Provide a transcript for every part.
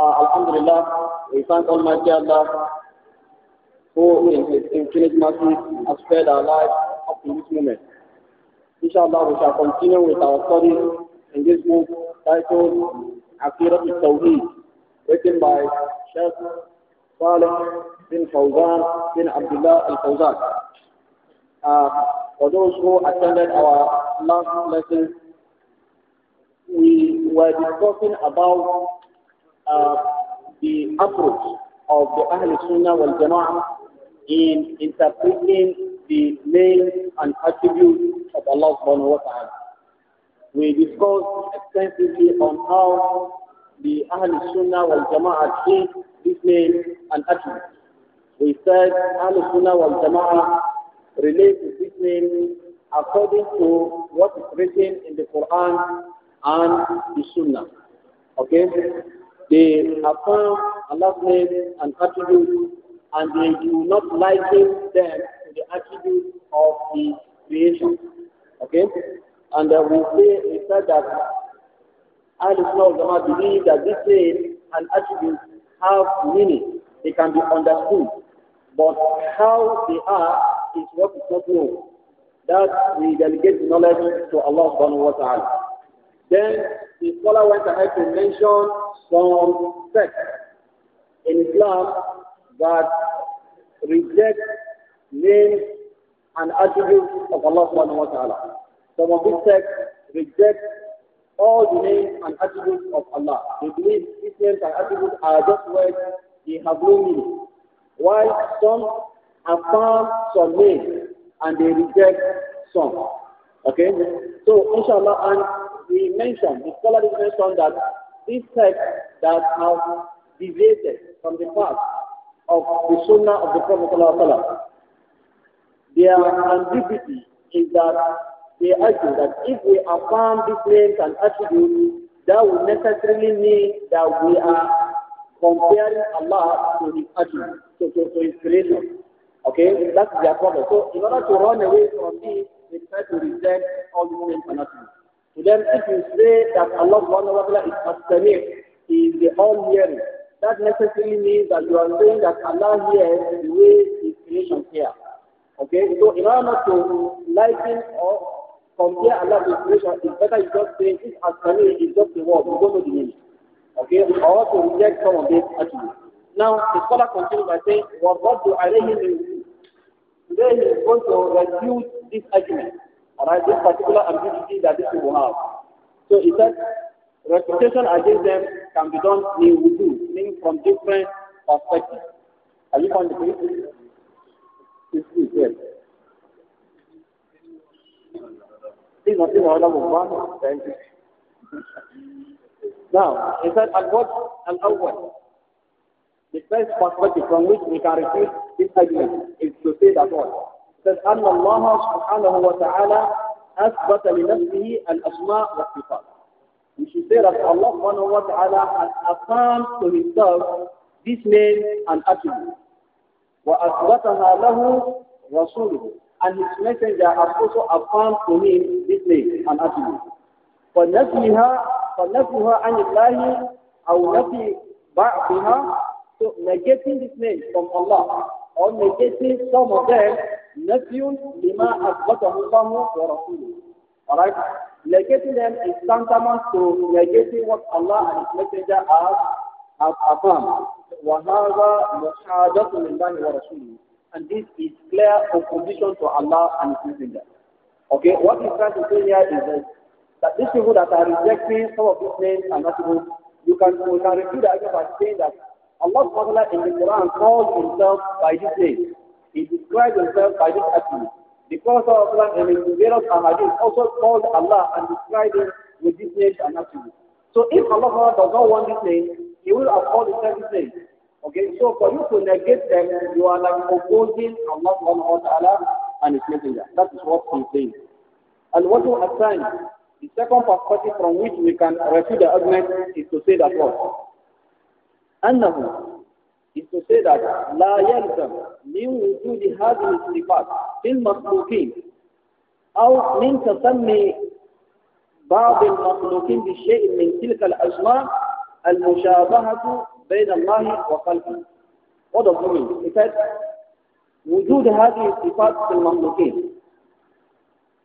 Uh, Alhamdulillah, we thank Almighty Allah who in His infinite mercy has spared our lives up to this moment. Inshallah, we shall continue with our study in this book titled Akirat al-Tawheed, written by Sheikh Saleh bin Fawzan bin Abdullah al-Fawzan. Uh, for those who attended our last lesson, we were discussing about the approach of the Ahl Sunnah wal Jama'ah in interpreting the names and attributes of Allah subhanahu wa ta'ala. We discussed extensively on how the Ahl Sunnah wal Jama'ah treat these names and attributes. We said Ahl Sunnah wal Jama'ah relates to this name according to what is written in the Quran and the Sunnah. Okay? they affirm Allah's name and attributes, and they do not liken them to the attributes of the creation. Okay? And uh, we say, we said that Ahlul Sunnah believe that this name and attributes have meaning. They can be understood. But how they are is what is not known. That we delegate knowledge to Allah subhanahu wa ta'ala. Then the scholar went ahead to mention some sects in Islam that reject names and attributes of Allah subhanahu wa ta'ala. Some of these sects reject all the names and attributes of Allah. They believe these names and attributes are just words, they have no meaning. While some affirm some names and they reject some. Okay? So, inshallah, and we mentioned, the scholar mentioned that this text that has deviated from the path of the Sunnah of the Prophet their ambiguity is that they argue that if we affirm these names and attributes, that will necessarily mean that we are comparing Allah to his attributes, to, to, to his creation. Okay, that's their problem. So in order to run away from this, they try to reject all the names and attributes. Then if you say that Allah subhanahu wa ta'ala is is the all-hearing, that necessarily means that you are saying that Allah hears the way His creation hears. Okay, so in order not to liken or compare Allah with creation, it's better you just say this as Sami is just the word, you don't know the meaning. Okay, or to reject some of these attributes. Now, the scholar continues by saying, "What وَالرَّدُّ عَلَيْهِ مِنْ Today he is going to refute this argument right, this particular ambiguity that these people have. So it says, refutation against them can be done in wudu, meaning from different perspectives. Have you found the case? This is yes. This is not in order of one. Thank you. Now, he said, and what an awwal. The first perspective from which we can refute this argument is to say that what? said, أن الله سبحانه وتعالى أثبت لنفسه الأسماء والصفات. We should say that Allah subhanahu wa ta'ala has affirmed to himself this name and attribute. وأثبتها له رسوله and his messenger has also affirmed to him this name and attribute. فنفيها فنفيها عن الله أو نفي بعضها so negating this name from Allah or negating some of them نفي لما أثبته الله ورسوله. Alright? Negating them is tantamount to negating what Allah and His Messenger have, have affirmed. وَهَذَا مُحَادَةٌ لِلَّهِ وَرَسُولِهِ And this is clear opposition to Allah and His Messenger. Okay, what he's trying to say here is this, that these people that are rejecting some of these names and attributes, you can, you can refute that by saying that Allah subhanahu in the Quran calls himself by this name. He describes himself by this attribute. The Prophet in his various ahadith also called Allah and described him with this name and attribute. So if Allah does not want this name, he will have called himself this name. Okay, so for you to negate them, you are like opposing Allah subhanahu wa ta'ala and his messenger. That is what he's saying. And what will assign the second perspective from which we can refute the argument is to say that what? is to say that لا يلزم من وجود هذه الصفات في المخلوقين أو من تسمي بعض المخلوقين بشيء من تلك الأسماء المشابهة بين الله وخلقه What does it mean? It says, وجود هذه الصفات في المخلوقين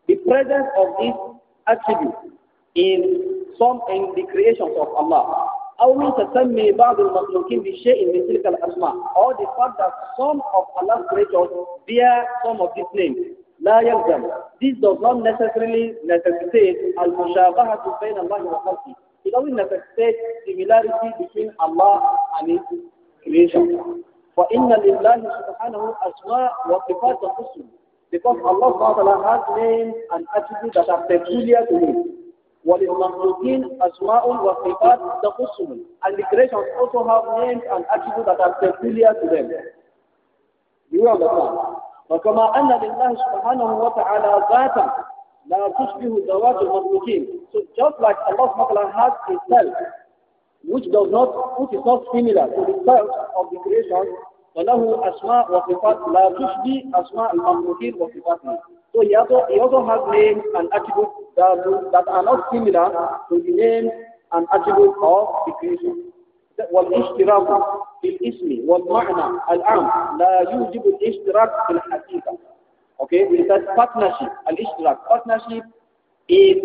The presence of these attributes in some in the creations of Allah أو من تسمي بعض المخلوقين بشيء من تلك الأسماء أو the fact that some of Allah's creatures bear some of these names لا يلزم this does not necessarily necessitate المشابهة بين الله وخلقه it only necessitates similarity between Allah and his creation فإن لله سبحانه أسماء وصفات تخصه because Allah has names and attributes that are peculiar to him وللمخلوقين أسماء وصفات تخصهم and the creations also have names and attributes that are peculiar to them. you understand? فكما أن لله سبحانه وتعالى ذاتا لا تشبه ذوات المخلوقين. So just like Allah has itself which does not, which is not similar to the self of the creation, فله أسماء وصفات لا تشبه أسماء المخلوقين وصفاتهم. So he also, he also has names and attributes that, that are not similar to the names and attributes of the creation. والاشتراك في الاسم والمعنى العام لا يوجب الاشتراك في الحقيقة. Okay, we said partnership, الاشتراك. Partnership is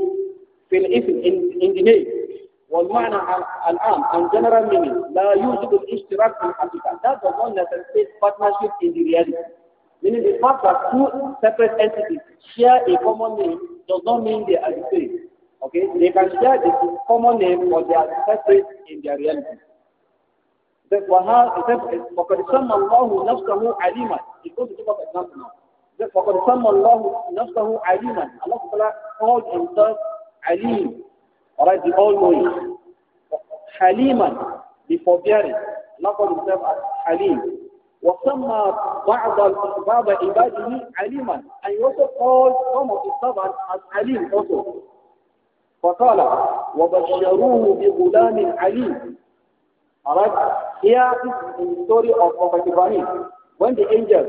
في الاسم in, in the name. والمعنى العام and general meaning لا يوجب الاشتراك في الحقيقة. That does not necessitate partnership in the reality. Meaning the fact that two separate entities share a common name does not mean they are the same. Okay, they can share the common name, but they are separate in their reality. It says, وَقَدْ سَمَّ اللَّهُ نَفْسَهُ عَلِيمًا It goes to give us an example now. It says, وَقَدْ سَمَّ اللَّهُ نَفْسَهُ عَلِيمًا Allah Ta'ala called himself Alim, alright, the all-knowing. Haliman, the forbearing. Allah called himself as alim. وسمى بعض بعض عباده عليما and he also called some of his servants as alim also فقال وبشروه بغلام عليم Alright, here is the story of Prophet Ibrahim. When the angel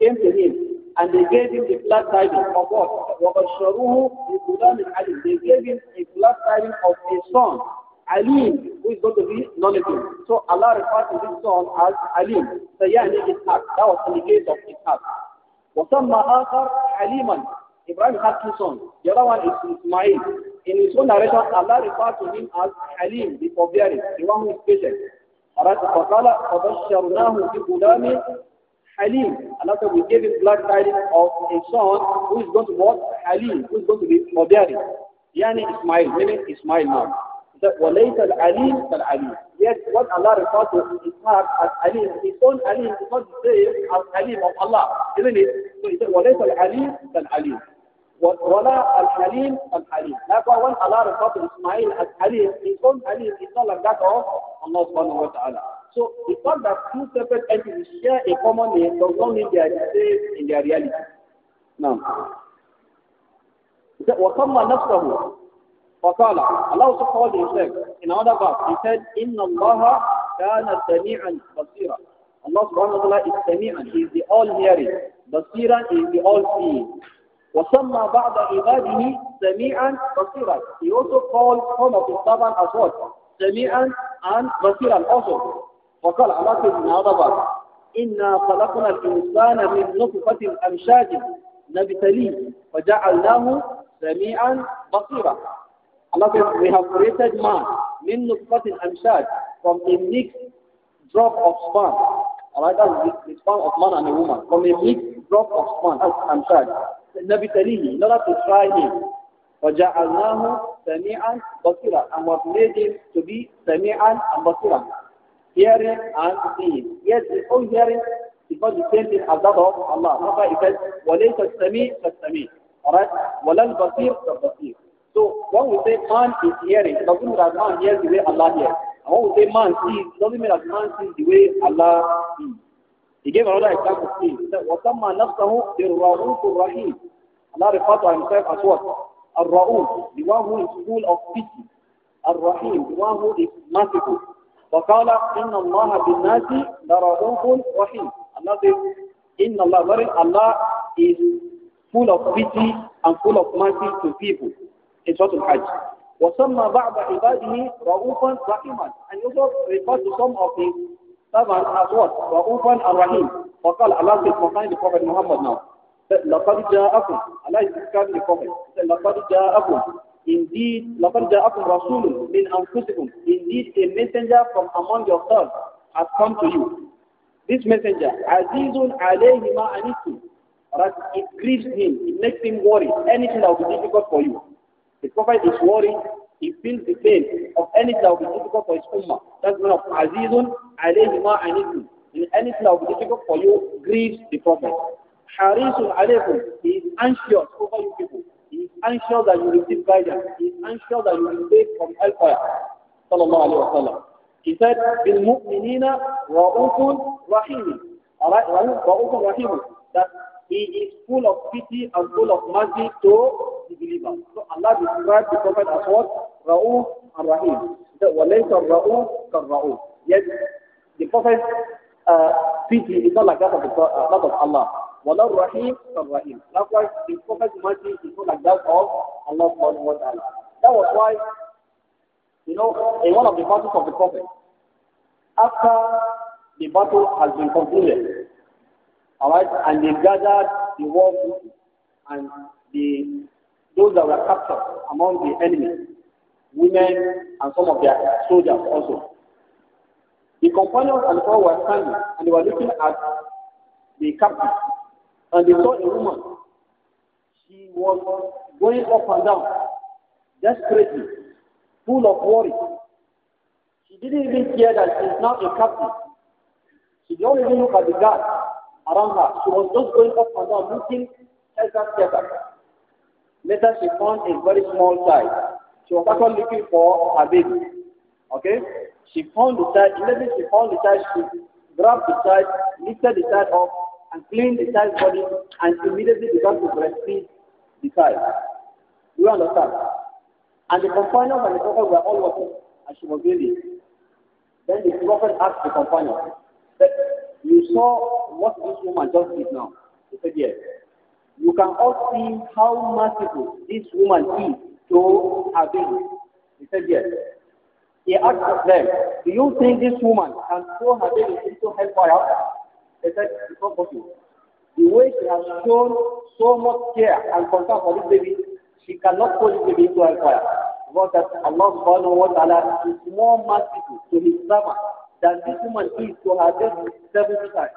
came to him and they gave him the glad tidings of what? وَبَشَّرُوهُ بِغُلَامٍ عَلِيمٍ They gave him a glad tidings of a son Alim, who is going to be knowledgeable. So Allah refers to this song as Alim. So yani Ishaq. That was in the case of Ishaq. وَسَمَّ آخَرْ عَلِيمًا Ibrahim had two sons. The other one is Ismail. In his own narration, Allah refers to him as Halim, the forbearing, the one who is patient. فَقَالَ فَبَشَّرْنَاهُ بِغُلَامٍ Halim. Allah said, we gave him black tidings of a son who is going to be Halim, who is going to be forbearing. Yani Ismail, meaning Ismail now. وليس العليم كالعليم. Yes, what Allah refers to his heart as Alim, his own Alim is not the same as Alim of Allah, isn't it? So he said, وليس العليم كالعليم. ولا الحليم الحليم. That's why when Allah refers to Ismail as Halim, his own Halim is not like that of Allah subhanahu wa ta'ala. So the fact that two separate entities share a common name does not mean they are the same in their reality. Now, وسمى نفسه فقال الله سبحانه وتعالى in another verse he إن الله كان سميعا بصيرا الله سبحانه وتعالى is سميعا he is the all hearing بصيرا is the all seeing وسمى بعض عباده سميعا بصيرا he also called some of his servants as well سميعا and بصيرا also فقال الله says in another verse إنا خلقنا الإنسان من نطفة أمشاج نبتليه فجعلناه سميعا بصيرا Allah says, we have created man, min nutfatin amshad, from a mixed drop of sperm. Alright, that's the, the sperm of man and a woman. From a mixed drop of sperm, that's amshad. Nabitalihi, in order to try him. وَجَعَلْنَاهُ سَمِيعًا بَصِيرًا And was made him to be سَمِيعًا and بَصِيرًا. Hearing and seeing. Yes, his own hearing is not the same thing as that of Allah. That's why it says, وَلَيْسَ السَّمِيعُ كَالسَّمِيعُ Alright, وَلَا الْبَصِيرُ كَالْبَصِيرُ so when we say man is hearing, it doesn't mean that man hears the way Allah hears. And when we say man sees, it doesn't mean that man sees the way Allah sees. He gave another example to see. He said, وَسَمَّى نَفْسَهُ بِالرَّؤُوفُ الرَّحِيمُ Allah referred to himself as what? الرؤوف, the one who is full of pity. الرحيم, the one who is merciful. وَقَالَ إِنَّ اللَّهَ بِالنَّاسِ لَرَؤُوفٌ رَحِيمٌ Allah says, إِنَّ اللَّهَ Allah is full of pity and full of mercy to people in Surah Al-Hajj. وَسَمَّى بَعْضَ عِبَادِهِ رَؤُوفًا رَحِيمًا And also refer to some of the servants as what? رَؤُوفًا and فقال Allah says concerning the Prophet Muhammad now. لَقَدْ جَاءَكُمْ Allah is describing the Prophet. لَقَدْ جَاءَكُمْ Indeed, لَقَدْ جَاءَكُمْ رَسُولٌ مِنْ أَنفُسِكُمْ Indeed, a messenger from among yourselves has come to you. This messenger, Azizun alayhi ma it grieves him, it makes him worry, anything that will be difficult for you. The Prophet is worried. He feels the pain of anything that will be difficult for his ummah. That's one of Azizun alayhima anikum. In anything that will be difficult for you, grieves the Prophet. Harisun alaykum. He is anxious over you people. He is anxious that you receive guidance. He is anxious that you will be saved from hellfire. Sallallahu Alaihi Wasallam. He said, بِالْمُؤْمِنِينَ رَؤُوفٌ رَحِيمٌ Alright, رَؤُوفٌ رَحِيمٌ. That he is full of pity and full of mercy to the believer. So Allah described the Prophet as what? Ra'uf and Rahim. The وَلَيْسَ الرَّؤُوفُ كَالرَّؤُوفُ Yet the Prophet's uh, pity is not like that of, the, uh, that of Allah. Rahim. رَحِيمُ Likewise, the Prophet's mercy is not like that of Allah subhanahu wa ta'ala. That was why, you know, in one of the battles of the Prophet, after the battle has been concluded, Alright, and they gathered the war and the those that were captured among the enemy, women and some of their soldiers also. The companions and all were standing and they were looking at the captive and they saw a woman. She was going up and down, desperately, full of worry. She didn't even care that she's now a captive. She didn't even look at the guard around her. She was just going up and down, looking helter skelter. Later, she found a very small child. She was actually looking for her baby. Okay? She found the child. Immediately she found the child, she grabbed the child, lifted the child up, and cleaned the child's body, and immediately began to breastfeed the child. you understand? And the companions and the prophet were all watching, and she was doing it. Then the prophet asked the companion, you saw what this woman just did now. He said, Yes. You can all see how merciful this woman is to her baby. He said, Yes. He asked them, Do you think this woman can throw her baby into hellfire? They said, It's not possible. The way she has shown so much care and concern for this baby, she cannot throw this baby into hellfire. Because that Allah subhanahu wa ta'ala is more merciful to his servant than this woman is to her baby 70 times.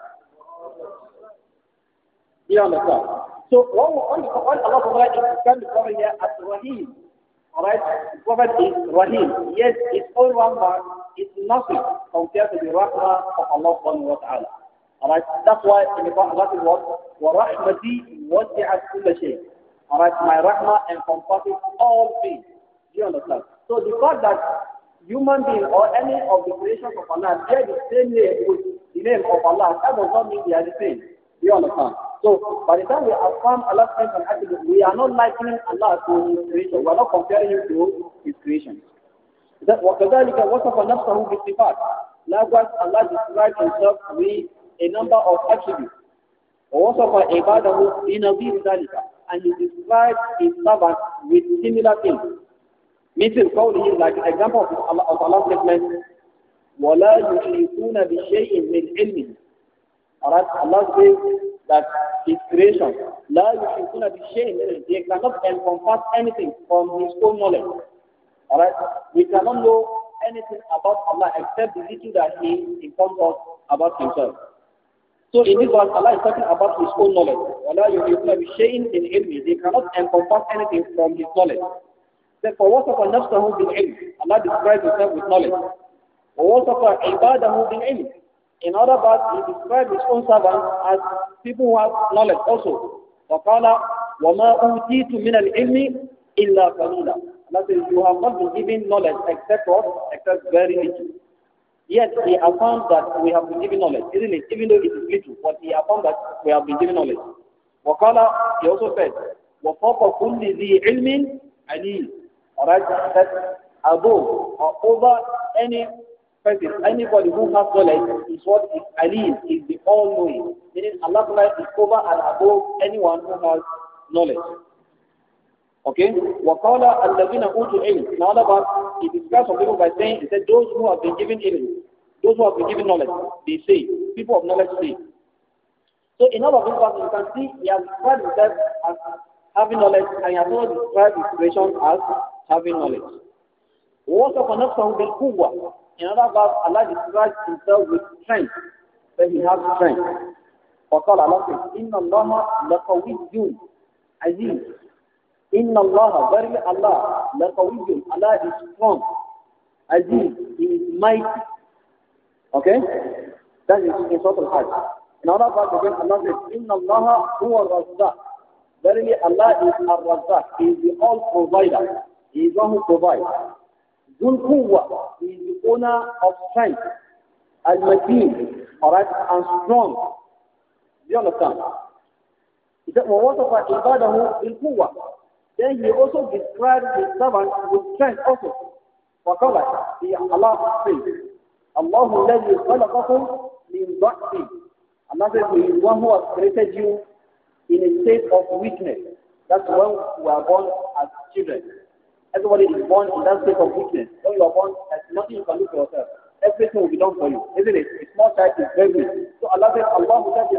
You understand? So when, when, Allah Subhanahu is trying to cover here as Rahim, alright, Prophet is Rahim. Yes, it's all one man, it's nothing compared to the Rahmah of Allah Subhanahu wa ta'ala. Alright, that's why in the Quran that is what وَرَحْمَتِي وَسِعَتْ كُلَّ شَيْء Alright, my Rahmah encompasses all things. You understand? So the fact that human being or any of the creations of Allah bear the same name with the name of Allah, that does not mean they are the same. Do you understand? So by the time we affirm Allah's strength and attributes, we are not likening Allah to his creation. We are not comparing him to his creation. وكذلك وصف نفسه بالصفات. Likewise, Allah describes himself with a number of attributes. ووصف عباده بنظير ذلك. And he describes his servants with similar things. مثل قوله like an example of Allah of Allah's statement ولا يشركون بشيء من علمه Alright, Allah says that His creation لا يشركون بشيء من علمه They cannot encompass anything from His own knowledge. Alright, we cannot know anything about Allah except the little that He informs us about Himself. So in this one, Allah is talking about His own knowledge. وَلَا يُحِيطُونَ بِشَيْءٍ مِنْ عِلْمِهِ They cannot encompass anything from His knowledge. Then for وَصَفَ نَفْسَهُ بِالْعِلْمِ Allah describes himself with knowledge. For وَوَصَفَ عِبَادَهُ بِالْعِلْمِ In other words, he describes his own servants as people who have knowledge also. وَقَالَ وَمَا أُوتِيتُ مِنَ الْعِلْمِ إِلَّا قَلِيلًا Allah says, you have not been given knowledge except what? Except very little. Yet he affirmed that we have been given knowledge, isn't it? Even though it is little, but he affirmed that we have been given knowledge. وَقَالَ He also said, وَفَوْقَ كُلِّ ذِي عِلْمٍ عَلِيمٍ Alright? That above or over any person, anybody who has knowledge is what is Alim, is the all knowing. Meaning Allah is over and above anyone who has knowledge. Okay? وَقَالَ الَّذِينَ أُوتُوا الْعِلْمِ Now the verse, he describes some people by saying, he said, those who have been given ilm, those who have been given knowledge, they say, people of knowledge say. So in all of these verses, you can see he has described himself as having knowledge and he has also described his situation as having knowledge. وَوَصَفَ نَفْسَهُ بِالْقُوَّةِ In other words, Allah describes himself with strength, that he has strength. فقال Allah says, إِنَّ اللَّهَ لَقَوِيٌّ عَزِيزٌ إِنَّ اللَّهَ Verily Allah لَقَوِيٌّ Allah is strong, Aziz, He is mighty. Okay? That is in Surah Al-Hajj. In other words, again, Allah says, إِنَّ اللَّهَ هُوَ الرَّزَّاقُ Verily Allah is Ar-Razzaq, He is the All-Provider. He is one who provides. Zul Quwwa is the owner of strength, Al Mateen, alright, and strong. Do you understand? He said, وَوَصَفَ عِبَادَهُ بِالْقُوَّةِ Then he also described his servant with strength also. فقال في Allah says, الله الذي خلقكم من ضعف Allah says, He is one who has created you in a state of weakness. That's when we are born as children. Everybody is born in that state of weakness. When you are born, there's nothing you can do for yourself. Everything will be done for you, isn't it? A small child is very weak. So Allah says, Allah is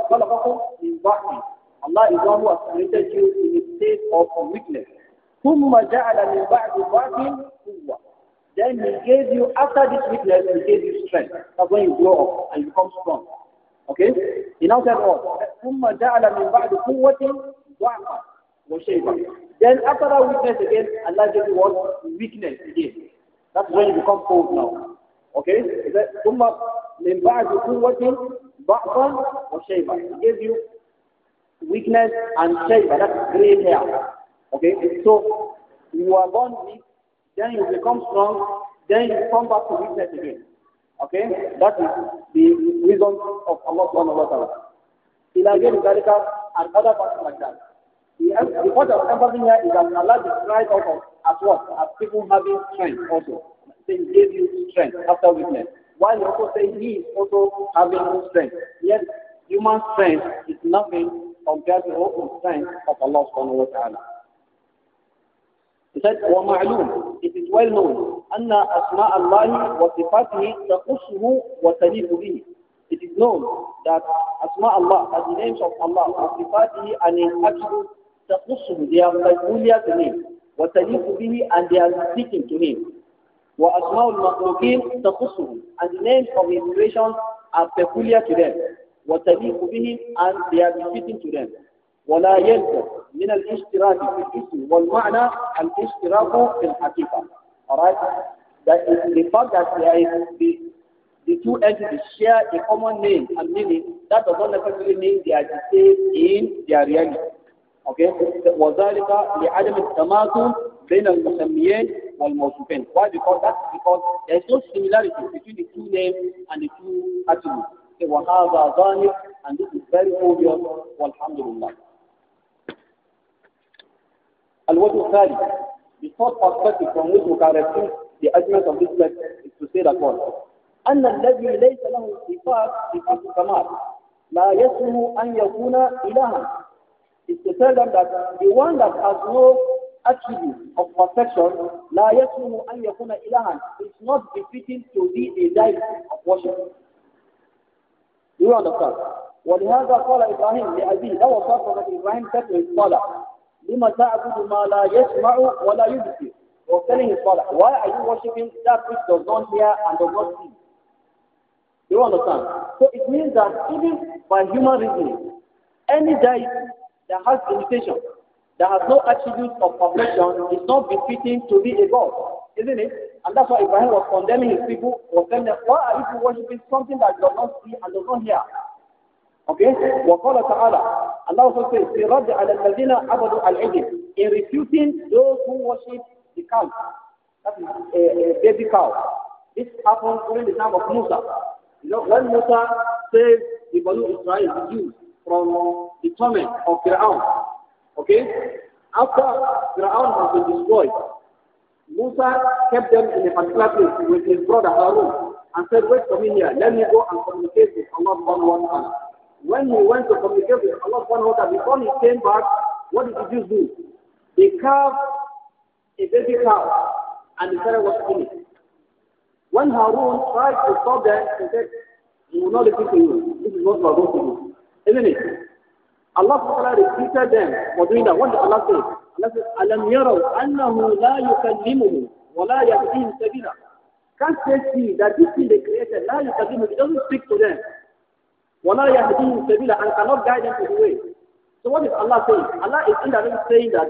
in Bahri. Allah is one who has created you in a state of weakness. Then he gave you, after this weakness, he gave you strength. That's when you grow up and you become strong. Okay? He now said what? Then after that weakness again, Allah gives you what? Weakness again. That's when you become cold now. Okay? Then ثم what بعد قوة or وشيبة. He gives you weakness and shayba. That's gray hair. Okay? So you are born weak, then you become strong, then you come back to weakness again. Okay? That is the reason of Allah subhanahu wa ta'ala. إلى غير ذلك and other parts like that. The point of emphasis here is that Allah describes us as what? As people having strength also. They gave you strength after weakness. While you also say He is also having strength. Yes, human strength is nothing compared to the strength of Allah subhanahu wa ta'ala. He said, وَمَعْلُومٌ It is well known أَنَّ أَسْمَاءَ اللَّهِ وَصِفَاتِهِ تَخُصُّهُ وَتَلِيقُ بِهِ It is known that Asma Allah, as the names of Allah, وَصِفَاتِهِ and His attributes تخصه they are familiar to him وتليق به and they are speaking to him وأسماء المخلوقين تخصه and the names of his creations are peculiar to them وتليق به and they are speaking to them ولا يلزم من الاشتراك في الاسم والمعنى الاشتراك في الحقيقة alright that is the fact that are the the two entities share a common name and meaning that does not necessarily mean they are the same in their reality Okay? وَذَلِكَ لِعَدَمِ التَّمَاثُلِ بين المسميين والموصوفين. Why? Because that's because there is no similarity between the two names and the two attributes. So, وَهَذَا ظَاهِرٌ and this is very obvious والحمد لله. الوجه الثالث The first perspective from which we can refute the argument of this text is to say that one. أن الذي ليس له صفات صفات كمال لا يسلم أن يكون إلها is to tell them that the one that has no attribute of perfection, la yasmuhu an yakuna is not befitting to be a deity of worship. Do you understand? ولهذا قال إبراهيم لأبيه لو صار إبراهيم تتلو الصلاة لما تعبد ما لا يسمع ولا يبصر was telling his father, why are you worshipping that which does not hear and does not see? Do you understand? So it means that even by human reasoning, any deity that has limitation, that has no attributes of perfection, is not befitting to be a God, isn't it? And that's why Ibrahim was condemning his people, was telling them, why are you worshipping something that does not see and does not hear? Okay? وقال تعالى Allah also says, في رد على الذين عبدوا العجل in refuting those who worship the cow. That is a, a baby cow. This happened during the time of Musa. You know, when Musa saved the Banu Israel, the Jews, from the torment of Fir'aun. Okay? After Fir'aun has been destroyed, Musa kept them in a particular place with his brother Harun and said, Wait for me here, let me go and communicate with Allah one one ta'ala. When he went to communicate with Allah subhanahu wa ta'ala, before he came back, what did the Jews do? They carved a baby cow and they started worshiping it. When Harun tried to stop them, he said, You will not listen to you. This is not what we're going to do. Isn't it? Allah Ta'ala repeated them for doing that. What did Allah say? Allah says, أَلَمْ يَرَوْا أَنَّهُ لَا يُكَلِّمُهُ وَلَا يَهْدِيهِمْ سَبِيلًا Can't they see that this thing they created, لَا يُكَلِّمُهُ, it doesn't speak to them. وَلَا يَهْدِيهِمْ سَبِيلًا and cannot guide them to the way. So what is Allah saying? Allah is indirectly saying that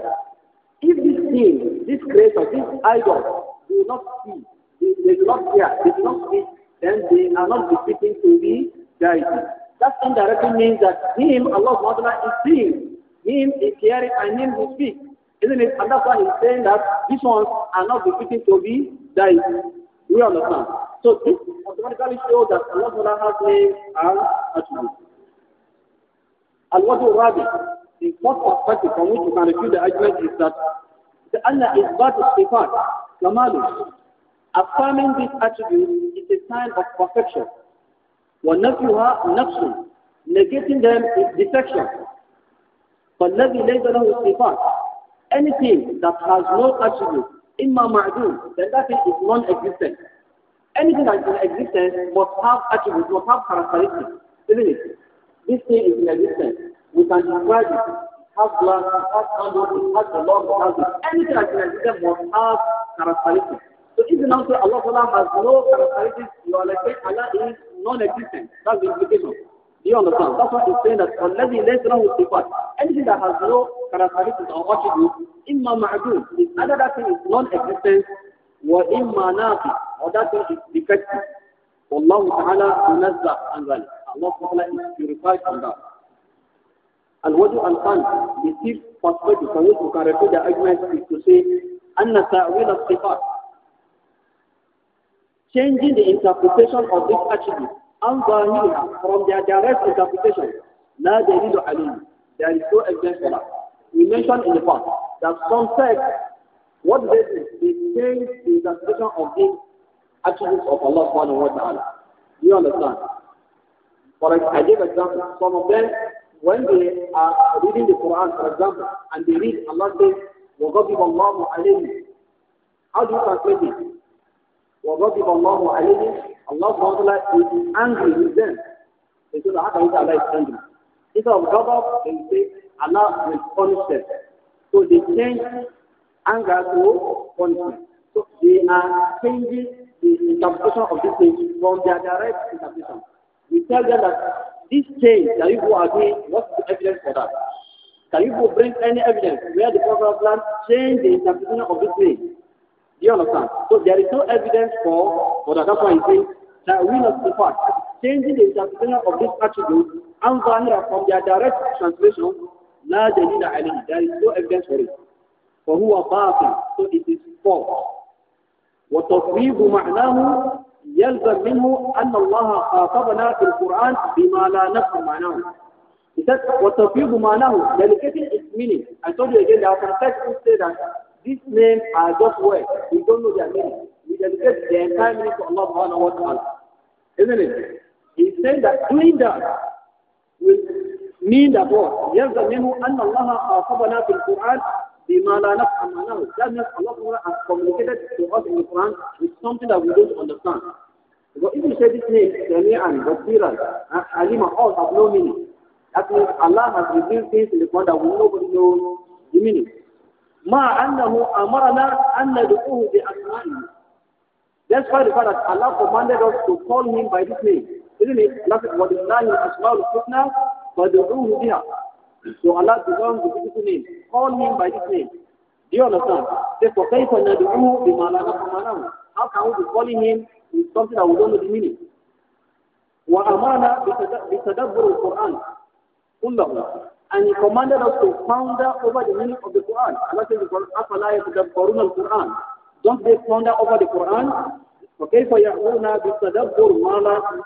if this thing, this creator, this idol, do not see, they do not hear, they do not speak, then they are not befitting to the guided. That indirectly means that Him, Allah SWT is seeing. Him is hearing and Him is speak. Isn't it? And that's why He's saying that these ones are not befitting to be that We understand. So this automatically shows that Allah SWT has names and attributes. Al-Wadu Rabi, the fourth perspective from which you can refute the argument is that the Allah is but sifat, kamalu. Affirming this attribute is a sign of perfection. وَنَفْيُهَا نَفْسٌ Negating them is defection. فَالَّذِي لَيْسَ لَهُ صِفَاتٌ Anything that has no attribute, إِمَّا مَعْدُومٌ Then that thing is non-existent. Anything that is in existence must have attributes, must have characteristics, isn't it? This thing is in existence. We can describe it. has blood. it has handle, it has the log, it has this. Anything that is in existence must have characteristics. So if you now say Allah Ta'ala has no characteristics, you are like Allah is non-existent. That's the implication. Do you understand? That's why he's saying that وَالَّذِي لَيْسْ لَهُ صِفَاتٍ Anything that has no characteristics or attributes, إِمَّا مَعْدُونَ It's either that thing is non-existent, وَإِمَّا نَافِي Or that thing is defective. وَاللَّهُ تَعَالَى يُنَزَّعْ عَنْ ذَلِكَ Allah Ta'ala is purified from that. And what you understand, the fifth perspective from which we can repeat the argument is to say, أَنَّ تَعْوِيلَ الصِّفَاتِ changing the interpretation of this attribute and from their direct interpretation لا دليل alim. there is no evidence for that we mentioned in the past that some texts, what they do they change the interpretation of these attributes of Allah subhanahu wa ta'ala do you understand for example, I an example some of them when they are reading the Quran for example and they read Allah says وغضب الله عليه how do you translate it وغضب الله عليهم الله سبحانه وتعالى is angry with them. They say, how can Allah is angry? Instead of ghadab, they say, Allah will punish them. So they change anger to punishment. So they are changing the interpretation of this thing from their direct interpretation. We tell them that this change that you are doing, what's the evidence for that? Can you bring any evidence where the Prophet of changed the interpretation of this thing do you understand? So there is no evidence for, for that. That's why he says, Ta'wil of Sifat, changing the interpretation of this attribute, and Zahira from their direct translation, La Jalila alayhi. There is no evidence for it. For who are batin, so it is false. وتطبيب معناه يلزم منه أن الله خاطبنا في القرآن بما لا نفهم معناه. He said, وتطبيب معناه, Delicate its meaning. I told you again, there are some texts that say that these names are just words. We don't know their meaning. We dedicate the entire meaning to Allah subhanahu wa ta'ala. Isn't it? He's saying that doing that will mean that what? يَزَمِنُ أَنَّ اللَّهَ خَاطَبَنَا فِي the Quran, That means Allah has communicated to us in the Quran with something that we don't understand. But if you say this name, Jami'an, Basiran, Alima, all have no meaning. That means Allah has revealed things in the Quran that we nobody knows the meaning. مع أنه أمرنا أن ندعوه بأسمائه. That's why the fact Allah commanded us to call him by this name. Isn't it? وَلِلَّهِ الْأَسْمَاءُ الْحُسْنَى فَدُعُوهُ بِهَا So Allah belongs to this name. Call him by this name. Do you understand? Therefore, كَيْفَ نَدْعُوهُ بِمَا لَا How can we be calling him with something that we don't know the meaning? وأمرنا بتدبر القرآن كله and he commanded us to ponder over the meaning of the Quran. Allah says, افلا the Quran. الْقُرْآنَ Don't they ponder over the Quran? Okay, فَكَيْفَ يَعْلُونَ بِالتَّدَبُّرُ مَا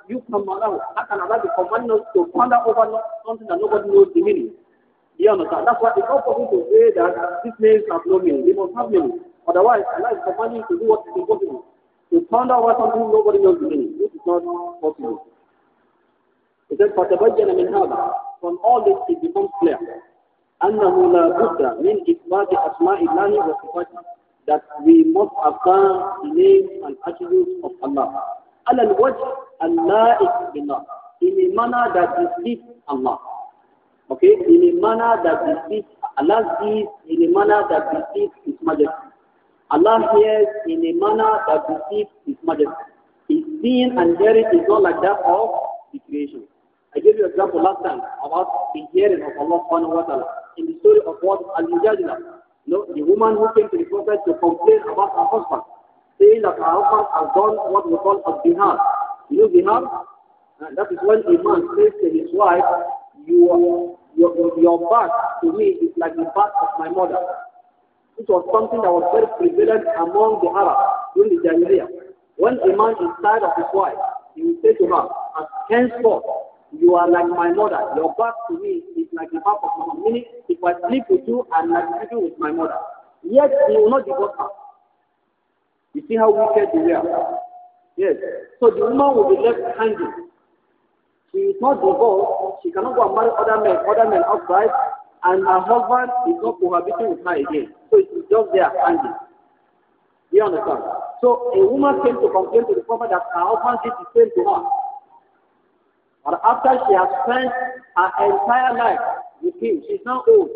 يُفْهَمَ لَهُ How can Allah be commanding us to ponder over something that nobody knows the meaning? You understand? That's why it's not possible to say that these means have no meaning. They must have meaning. Otherwise, Allah is commanding to do what is impossible. To ponder over something nobody knows the meaning. This is not possible. He said, فَتَبَيَّنَ مِنْ هَذَا from all this it becomes clear أنه لا بد من إثبات أسماء الله وصفاته that we must affirm the names and attributes of Allah على الوجه اللائق بالله in a manner that deceives Allah okay in a manner that deceives Allah's sees in a manner that deceives His Majesty Allah hears in a manner that deceives His Majesty His seeing and hearing is not like that of the creation I gave you an example last time about the hearing of Allah subhanahu wa ta'ala. In the story of what Al-Mujadila, you know, the woman who came to the Prophet to complain about her husband, saying that her husband has done what we call a bihar. You know bihar? Uh, that is when a man says to his wife, your, your, your back to me is like the back of my mother. This was something that was very prevalent among the Arabs during the Jahiliyyah. When a man is tired of his wife, he will say to her, as henceforth, You are like my mother. Your back to me is like the back of my mother. Meaning, if I sleep with you, I'm like sleeping with my mother. Yet, he will not divorce her. You see how wicked they were. Yes. So the woman will be left hanging. She is not divorced. She cannot go and marry other men, other men outside, and her husband is not cohabiting with her again. So it's just there hanging. Do you understand? So a woman came to complain to the prophet that her husband did the same to her. But after she has spent her entire life with him, she's now old.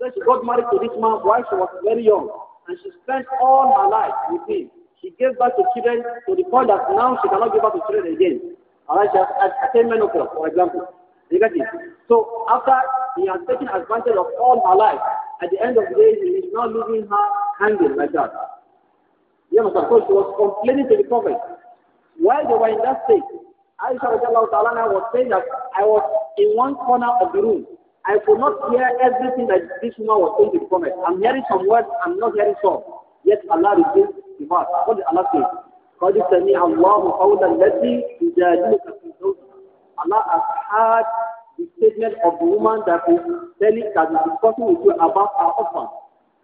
So she got married to this man while she was very young. And she spent all her life with him. She gave birth to children to the point that now she cannot give birth to children again. Alright, she has attained menopause, for example. You get it? So after he has taken advantage of all her life, at the end of the day, he is not leaving her hanging like that. You understand? So she was complaining to the prophet. While they were in that state, Aisha was saying that I was in one corner of the room. I could not hear everything that this woman was saying to the Prophet. I'm hearing some words, I'm not hearing some. Yet Allah is the verse. What did Allah say? قد سمع الله قول Allah has heard the statement of the woman that is telling that is discussing with you about her husband.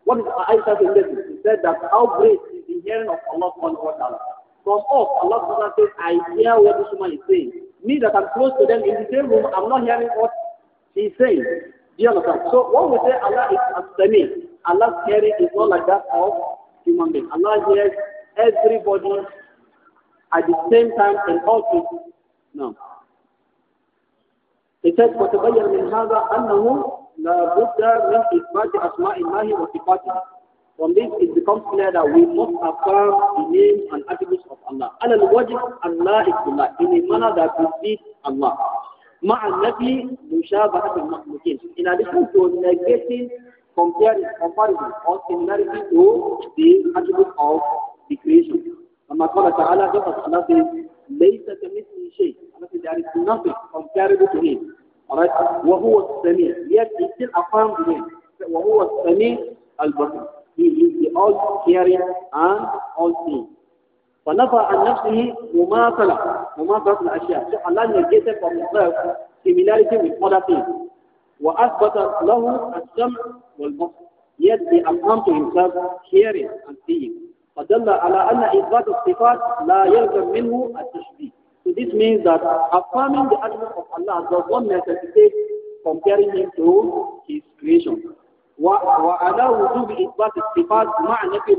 What is Aisha saying? She said that how great is the hearing of Allah subhanahu from us, Allah says, I hear what this woman is saying. Me that I'm close to them in the same room, I'm not hearing what she's saying. Do you understand? So when we say Allah is as me. Allah's hearing is not like that of human being. Allah hears everybody at the same time and all No. It says, وتبين من هذا أنه لا بد من إثبات أسماء الله وصفاته from this, it becomes clear that we must affirm the name and attributes of Allah. Alal wajib Allah is Allah in a manner that precedes Allah. مع النفي مشابهة المخلوقين. In addition to negating comparing, comparison or similarity to the attributes of the creation. كما قال تعالى just as Allah says, ليس شيء. Allah says there is nothing comparable to him. Alright? وهو السميع. Yet he still affirms him. وهو السميع البصير. He is the all-hearing and all-seeing. فنفى عن نفسه مماثلة مماثلة الأشياء so Allah negated from himself similarity with other things وأثبت له السمع والبصر yet they affirm to himself hearing and seeing فدل على أن إثبات الصفات لا يلزم منه التشبيه So this means that affirming the attributes of Allah does not necessitate comparing him to his creation. وجوب إثبات الصفات مع نفي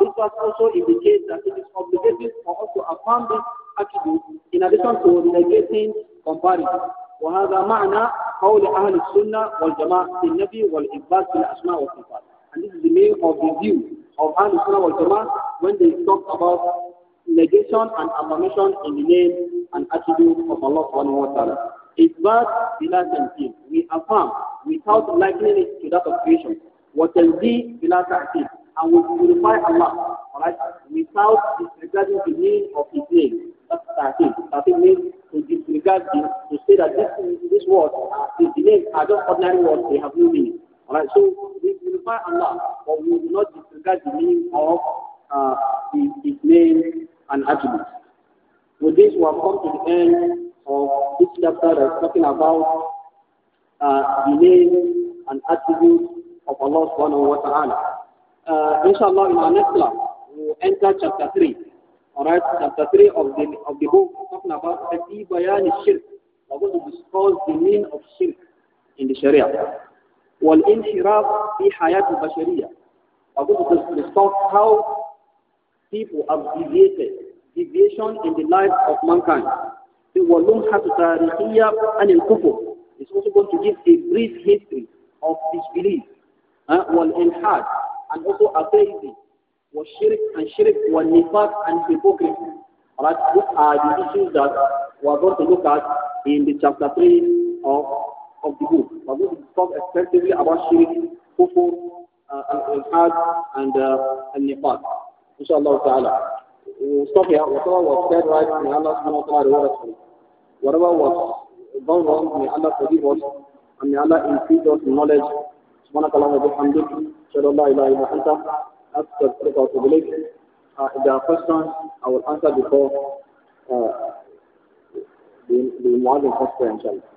This was also indicates that it is obligatory for us to affirm this attribute in addition to negating comparison. وهذا معنى قول أهل السنة والجماعة في والإثبات في الأسماء والصفات. And this is the main of the view of Ahl Sunnah wal Jama'ah when they talk about negation and affirmation in the name and attribute of Allah subhanahu wa ta'ala the last تمثيل we affirm without likening it to that of creation وتنزيه بلا تعطيل and we purify Allah alright without disregarding the name of His name that's تعطيل تعطيل means to disregard the, to say that this this word uh, the, name. names are just ordinary words they have no meaning alright so we purify Allah but we do not disregard the meaning of uh, his, his name and attributes with this we have come to the end of this chapter that's talking about uh, the name and attributes of Allah subhanahu wa ta'ala. Uh, inshallah, in our next class, we will enter chapter 3. Alright, chapter 3 of the, of the book, talking about Fati Bayani Shirk. We're going to discuss the meaning of Shirk in the Sharia. والانحراف في حياة البشرية. We're going to discuss how people have deviated, deviation in the life of mankind the وَلُمْحَةُ and عَنِ الْكُفُرِ It's also going to give a brief history of disbelief, uh, وَالْإِلْحَادِ and also atheism, shirk and shirk, nifat and hypocrisy. Alright, these are the issues that we're going to look at in the chapter 3 of, of the book. We're going to talk extensively about shirk, kufur, uh, al-ilhad, and uh, al-nifaq. Inshallah ta'ala. We'll stop here. We was said right, may Allah subhanahu wa ta'ala reward whatever was done wrong, may Allah forgive us, and may Allah increase us in knowledge. سبحانك اللهم وبحمدك أشهد أن لا إله إلا أنت أستغفرك وأتوب إليك. If there are questions, I will answer before uh, the, the Muazzin Hospital, inshallah.